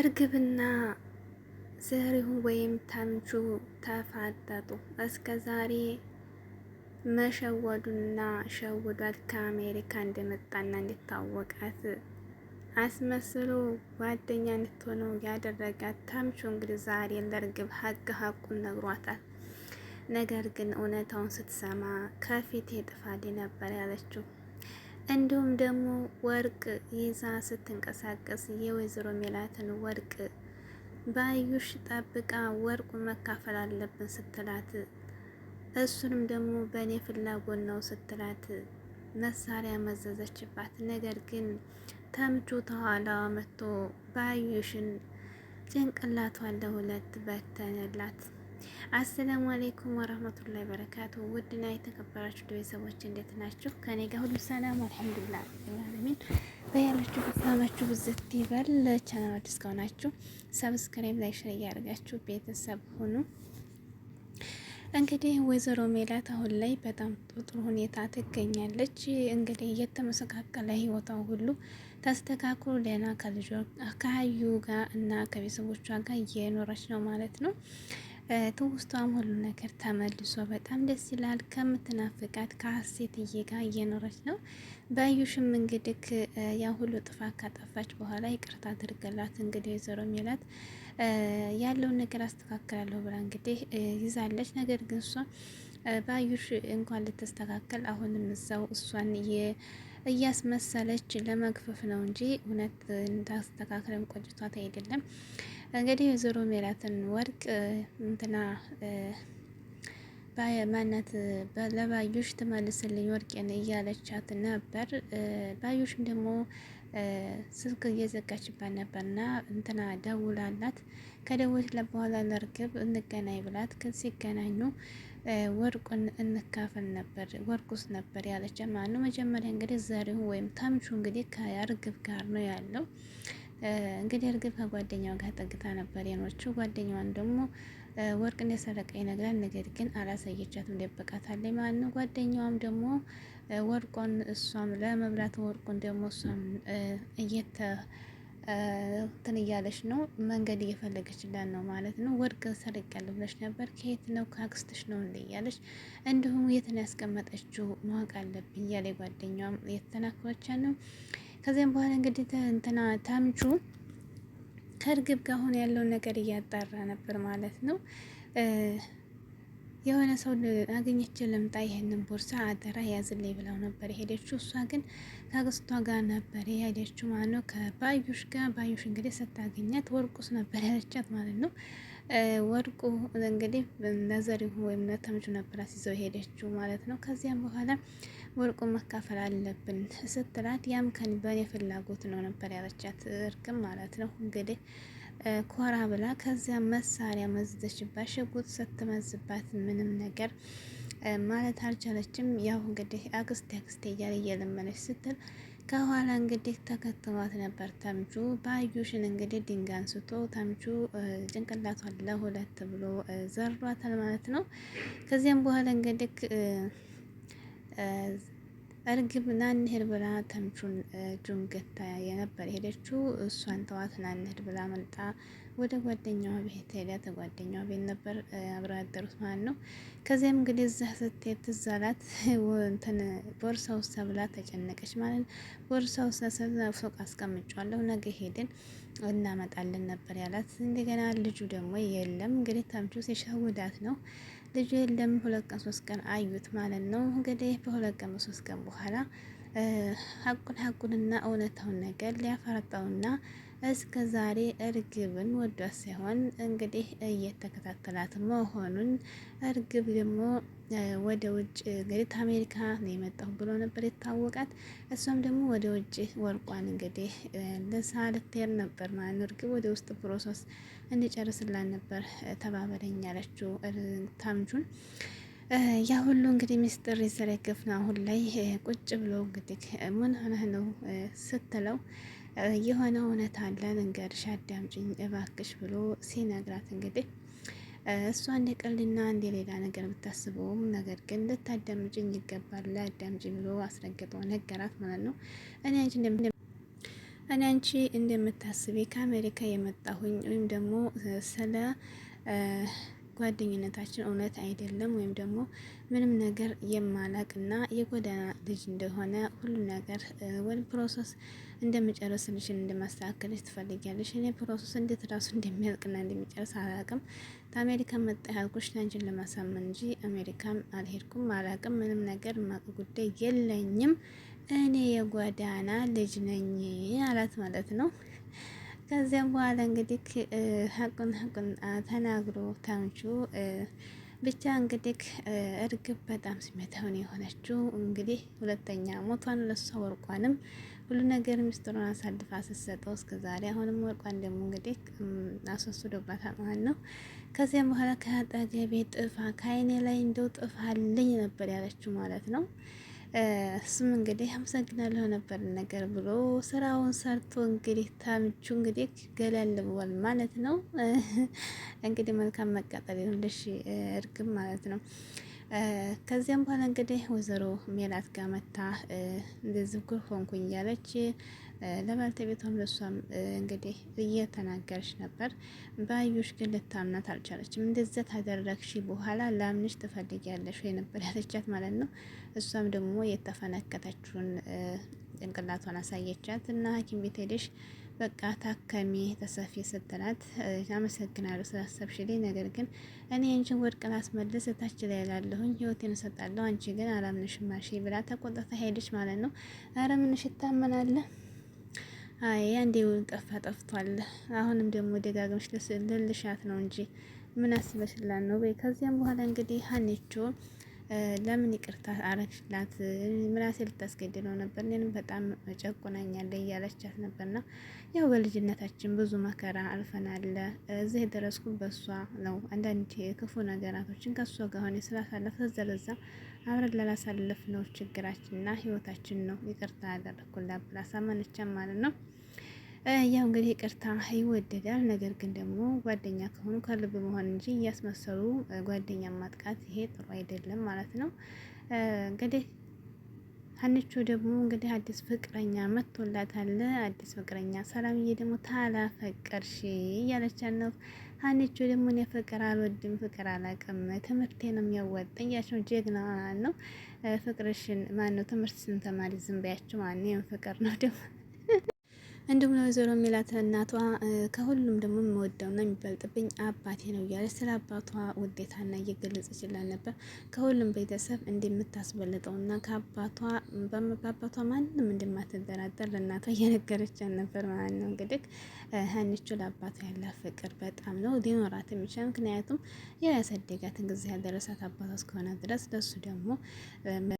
እርግብና ዘሪሁን ወይም ተምቹ ተፋጠጡ። እስከ ዛሬ መሸወዱና ሸውዷት ከአሜሪካ እንደመጣና እንድታወቃት አስመስሎ ጓደኛ እንድትሆነው ያደረጋት ተምቹ እንግዲህ ዛሬ ለእርግብ ሀቅ ሀቁን ነግሯታል። ነገር ግን እውነታውን ስትሰማ ከፊቴ ጥፋት ነበር ያለችው። እንዲሁም ደግሞ ወርቅ ይዛ ስትንቀሳቀስ የወይዘሮ ሜላትን ወርቅ ባዩሽ ጠብቃ ወርቁ መካፈል አለብን ስትላት እሱንም ደግሞ በእኔ ፍላጎት ነው ስትላት መሳሪያ መዘዘችባት። ነገር ግን ተምቹ ተኋላ መጥቶ ባዩሽን ጭንቅላቷን ለሁለት በተነላት። አሰላሙ አሌይኩም ወረህመቱላሂ በረካቱ ውድና የተከበራችሁ ቤተሰቦች እንዴት ናችሁ? ከኔ ጋር ሁሉ ሰላም አልሐምዱሊላህ አለሚን። በያላችሁ ሰላማችሁ ብዝት ይበል። ቻናል አዲስ ከሆናችሁ ሰብስክራይብ፣ ላይክ፣ ሼር እያደረጋችሁ ቤተሰብ ሁኑ። እንግዲህ ወይዘሮ ሜላት አሁን ላይ በጣም ጥሩ ሁኔታ ትገኛለች። እንግዲህ እየተመሰቃቀለ ህይወቷ ሁሉ ተስተካክሎ ደህና ከልጇ ከሀዩ ጋር እና ከቤተሰቦቿ ጋር እየኖረች ነው ማለት ነው። ትውስቷም ሁሉ ነገር ተመልሶ በጣም ደስ ይላል። ከምትናፍቃት ከሀሴትዬ ጋር እየኖረች ነው። ባዩሽም እንግዲህ ያ ሁሉ ጥፋት ካጠፋች በኋላ ይቅርታ አድርገላት እንግዲህ ወይዘሮ ሚላት ያለውን ነገር አስተካክላለሁ ብላ እንግዲህ ይዛለች። ነገር ግን እሷ ባዩሽ እንኳን ልትስተካከል አሁንም እዛው እሷን እያስመሰለች ለመግፈፍ ነው እንጂ እውነት እንዳስተካክለን ቆጭቷት አይደለም። እንግዲህ የዞሮ ሜላትን ወርቅ እንትና ማናት ለባዩሽ ትመልስልኝ ወርቄን እያለቻት ነበር። ባዩሽም ደግሞ ስልክ እየዘጋችባት ነበርና እንትና ደውላላት ከደወለችላት በኋላ ለርግብ እንገናኝ ብላት ሲገናኙ ወርቁን እንካፈል ነበር ውስጥ ነበር ያለች ማለት ነው። መጀመሪያ እንግዲህ ዘሪሁን ወይም ታምቹ እንግዲህ ከእርግብ ጋር ነው ያለው። እንግዲህ እርግብ ከጓደኛው ጋር ጠግታ ነበር የኖችው። ጓደኛዋን ደግሞ ወርቅ እንደሰረቀ ይነግራል። ነገር ግን አላሳየቻትም፣ ደብቃታለች ማለት ነው። ጓደኛዋም ደግሞ ወርቆን እሷም ለመብላት ወርቁን ደግሞ እሷም እየተ እንትን እያለች ነው መንገድ እየፈለገችላት ነው ማለት ነው። ወርቅ ሰርቄያለሁ ብለሽ ነበር፣ ከየት ነው? ከአክስትሽ ነው እንዴ እያለች እንዲሁም የት ነው ያስቀመጠችው ማወቅ አለብኝ እያለ ጓደኛዋም የተተናከረቻ ነው። ከዚያም በኋላ እንግዲህ እንትና ታምቹ ከእርግብ ጋር አሁን ያለውን ነገር እያጣራ ነበር ማለት ነው። የሆነ ሰው አገኘች ልምጣ ይህንን ቦርሳ አደራ ያዝልኝ ብለው ነበር የሄደችው። እሷ ግን ከአክስቷ ጋር ነበር የሄደችው ማለት ነው፣ ከባዩሽ ጋር። ባዩሽ እንግዲህ ስታገኛት ወርቁስ ነበር ያለቻት ማለት ነው። ወርቁ እንግዲህ ነዘሪሁ ወይም ለተምቹ ነበር አስይዘው የሄደችው ማለት ነው። ከዚያም በኋላ ወርቁ መካፈል አለብን ስትላት፣ ያም ከን በእኔ ፍላጎት ነው ነበር ያለቻት እርግም ማለት ነው እንግዲህ ኮራ ብላ ከዚያ መሳሪያ መዝተሽባት ሽጉጥ ስትመዝባት ምንም ነገር ማለት አልቻለችም። ያው እንግዲህ አክስቴ አክስቴ እያለ እየለመነች ስትል ከኋላ እንግዲህ ተከትሏት ነበር ተምቹ። ባዩሽን እንግዲህ ድንጋይ አንስቶ ተምቹ ጭንቅላቷን ለሁለት ብሎ ዘሯታል ማለት ነው። ከዚያም በኋላ እንግዲህ እርግብ ና ብላ ተምቹን እጁን ገታ የነበር ሄደችው። እሷን ተዋት ና ብላ መልጣ ወደ ጓደኛዋ ቤት ሄዳ ተጓደኛዋ ቤት ነበር አብረው ያደሩት ማለት ነው። ከዚያም እንግዲህ እዛ ስትሄድ ትዝ አላት እንትን ቦርሳ ውስጥ ተብላ ተጨነቀች ማለት ነው። ቦርሳ ውስጥ ሱቅ አስቀምጫዋለሁ ነገ ሄድን እናመጣልን ነበር ያላት። እንደገና ልጁ ደግሞ የለም እንግዲህ ተምቹ ሲሸውዳት ነው ልጁ የለም። ሁለት ቀን ሶስት ቀን አዩት ማለት ነው እንግዲህ በሁለት ቀን ሶስት ቀን በኋላ ሀቁን ሀቁንና እውነታውን ነገር ሊያፈረጣውና እስከ ዛሬ እርግብን ወዷት ሳይሆን እንግዲህ እየተከታተላት መሆኑን እርግብ ደግሞ ወደ ውጭ እንግዲህ አሜሪካ ነው የመጣሁ ብሎ ነበር የታወቃት። እሷም ደግሞ ወደ ውጭ ወርቋን እንግዲህ ልሳ ልትሄድ ነበር ማለት ነው። እርግብ ወደ ውስጥ ፕሮሰስ እንጨርስላን ነበር ተባበረኝ ያለችው ታምቹን። ያ ሁሉ እንግዲህ ሚስጥር ይዘረገፍና አሁን ላይ ቁጭ ብሎ እንግዲህ ምን ሆነህ ነው ስትለው የሆነ እውነት አለ ልንገርሽ፣ አዳምጪኝ እባክሽ ብሎ ሲነግራት እንግዲህ እሷ እንደ ቀልድና እንደ ሌላ ነገር ብታስበውም ነገር ግን ልታዳምጪኝ ይገባል ለአዳምጪ ብሎ አስረግጠው ነገራት ማለት ነው። እኔ አንቺ እኔ አንቺ እንደምታስቢ ከአሜሪካ የመጣሁኝ ወይም ደግሞ ስለ ጓደኝነታችን እውነት አይደለም ወይም ደግሞ ምንም ነገር የማላቅና የጎዳና ልጅ እንደሆነ ሁሉ ነገር ወይም ፕሮሰስ እንደምጨርስልሽን እንደማስተካከልሽ ትፈልጊያለሽ። እኔ ፕሮሰስ እንዴት ራሱ እንደሚያልቅና እንደሚጨርስ አላቅም። ከአሜሪካ መጣ ያልኩሽ አንቺን ለማሳመን እንጂ አሜሪካም አልሄድኩም አላቅም። ምንም ነገር ማቅ ጉዳይ የለኝም። እኔ የጎዳና ልጅ ነኝ አላት ማለት ነው። ከዚያም በኋላ እንግዲህ ሀቁን ሀቁን ተናግሮ ታምቹ ብቻ እንግዲህ እርግብ በጣም ስሜታውን የሆነችው እንግዲህ ሁለተኛ ሞቷን ለሷ ወርቋንም ሁሉ ነገር ሚስጥሩን አሳልፋ ስትሰጠው እስከ ዛሬ አሁንም ወርቋን ደግሞ እንግዲህ አስወስዶባታል ማለት ነው። ከዚያም በኋላ ከአጠገቤ ጥፋ፣ ከአይኔ ላይ እንደው ጥፋ አለኝ ነበር ያለችው ማለት ነው። እሱም እንግዲህ አመሰግናለሁ ነበር ነገር ብሎ ስራውን ሰርቶ እንግዲህ ታምቹ እንግዲህ ገለል ማለት ነው። እንግዲህ መልካም መቃጠል ይሁንልሽ እርግም ማለት ነው። ከዚያም በኋላ እንግዲህ ወይዘሮ ሜላት ጋር መታ እንደዚህ ጉር ሆንኩኝ እያለች ለባለቤቷም ለሷም እንግዲህ እየተናገረች ነበር። ባዩሽ ግን ልታምናት አልቻለችም። እንደዚያ ታደረግሽ በኋላ ላምንሽ ትፈልጊያለሽ ወይ ነበር ያለቻት ማለት ነው። እሷም ደግሞ የተፈነከተችውን ጭንቅላቷን አሳየቻት እና ሐኪም ቤት ሄደሽ በቃ ታከሚ ተሰፊ ስትላት አመሰግናለሁ ስላሰብሽልኝ፣ ነገር ግን እኔ አንቺን ወድቅ ላስመልስ እታች ላይ ላለሁኝ ህይወቴን እሰጣለሁ፣ አንቺ ግን አላምንሽም ማሽ ብላ ተቆጥታ ሄደች ማለት ነው። አረ ምንሽ ይታመናል? አይ አንዴ ጠፋ ጠፍቷል። አሁንም ደግሞ ደጋግመሽ ልልሻት ነው እንጂ ምን አስበሽላት ነው ከዚያም በኋላ እንግዲህ ሀኔቾ ለምን ይቅርታ አረግሽላት? ምናሴ ልታስገድለው ነበር እኔንም በጣም ጨቁናኛለ እያለቻት ነበርና ያው በልጅነታችን ብዙ መከራ አልፈናለ እዚህ የደረስኩ በእሷ ነው። አንዳንድ ክፉ ነገራቶችን ከእሷ ጋር ሆነ ስላሳለፍ ተዘረዛ አብረን ላላሳለፍ ነው ችግራችንና ህይወታችን ነው ይቅርታ ያደረግኩላት ብላ ሳመነቻ ማለት ነው። ያው እንግዲህ ቅርታ ይወደዳል። ነገር ግን ደግሞ ጓደኛ ከሆኑ ከልብ መሆን እንጂ እያስመሰሉ ጓደኛ ማጥቃት ይሄ ጥሩ አይደለም ማለት ነው። እንግዲህ ሀንቹ ደግሞ እንግዲህ አዲስ ፍቅረኛ መጥቶላታል። አዲስ ፍቅረኛ ሰላምዬ ደግሞ ታላፈቀርሽ እያለች ነው። ሀንቹ ደግሞ እኔ ፍቅር አልወድም፣ ፍቅር አላቅም፣ ትምህርቴ ነው የሚያወጣኝ ያቸው ጀግና ነው። ፍቅርሽን ማነው ትምህርት ስንተማሪ ዝም በያቸው ማን ፍቅር ነው ደግሞ እንዲሁም ለወይዘሮ የሚላት እናቷ ከሁሉም ደግሞ የምወደውና የሚበልጥብኝ አባቴ ነው እያለች ስለ አባቷ ውዴታና ይችላል ነበር። ከሁሉም ቤተሰብ እንደምታስበልጠውና ከአባቷ በአባቷ ማንም እንደማትደራደር ለእናቷ እየነገረችን ነበር ማለት ነው። እንግዲህ ሀኒቹ ለአባቷ ያለ ፍቅር በጣም ነው ሊኖራት የሚችል ምክንያቱም ያሳደጋትን ጊዜ ያደረሳት አባቷ እስከሆነ ድረስ ለሱ ደግሞ